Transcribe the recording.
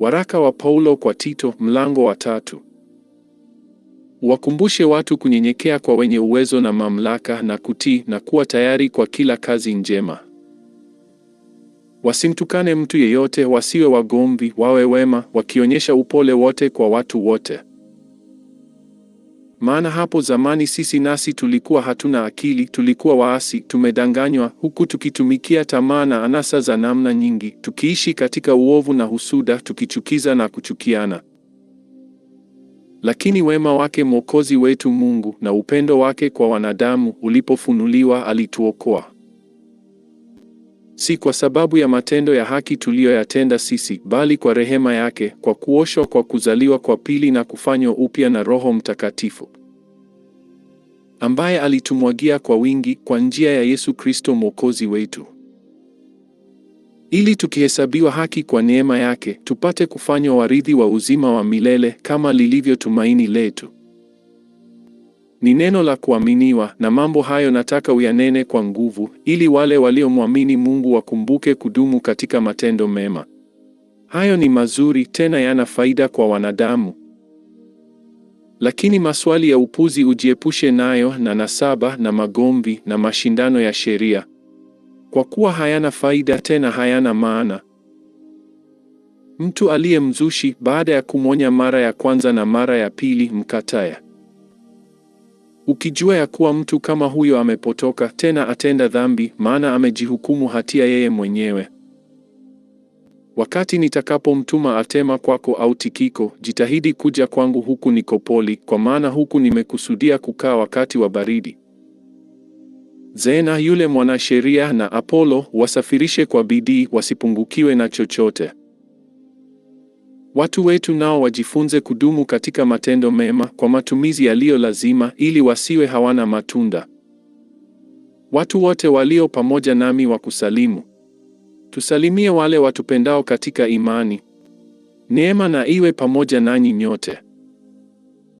Waraka wa Paulo kwa Tito mlango wa tatu. Wakumbushe watu kunyenyekea kwa wenye uwezo na mamlaka na kutii na kuwa tayari kwa kila kazi njema. Wasimtukane mtu yeyote, wasiwe wagomvi, wawe wema, wakionyesha upole wote kwa watu wote maana hapo zamani sisi nasi tulikuwa hatuna akili, tulikuwa waasi, tumedanganywa, huku tukitumikia tamaa na anasa za namna nyingi, tukiishi katika uovu na husuda, tukichukiza na kuchukiana. Lakini wema wake Mwokozi wetu Mungu na upendo wake kwa wanadamu ulipofunuliwa, alituokoa si kwa sababu ya matendo ya haki tuliyoyatenda sisi, bali kwa rehema yake, kwa kuoshwa kwa kuzaliwa kwa pili na kufanywa upya na Roho Mtakatifu ambaye alitumwagia kwa wingi kwa njia ya Yesu Kristo Mwokozi wetu, ili tukihesabiwa haki kwa neema yake, tupate kufanywa warithi wa uzima wa milele, kama lilivyo tumaini letu ni neno la kuaminiwa, na mambo hayo nataka uyanene kwa nguvu, ili wale waliomwamini Mungu wakumbuke kudumu katika matendo mema. Hayo ni mazuri, tena yana faida kwa wanadamu. Lakini maswali ya upuzi ujiepushe nayo, na nasaba na magomvi na mashindano ya sheria, kwa kuwa hayana faida, tena hayana maana. Mtu aliye mzushi, baada ya kumwonya mara ya kwanza na mara ya pili, mkataya Ukijua ya kuwa mtu kama huyo amepotoka, tena atenda dhambi, maana amejihukumu hatia yeye mwenyewe. Wakati nitakapomtuma Atema kwako au Tikiko, jitahidi kuja kwangu huku Nikopoli, kwa maana huku nimekusudia kukaa wakati wa baridi. Zena yule mwanasheria na Apolo wasafirishe kwa bidii, wasipungukiwe na chochote. Watu wetu nao wajifunze kudumu katika matendo mema kwa matumizi yaliyo lazima, ili wasiwe hawana matunda. Watu wote walio pamoja nami wakusalimu. Tusalimie wale watupendao katika imani. Neema na iwe pamoja nanyi nyote.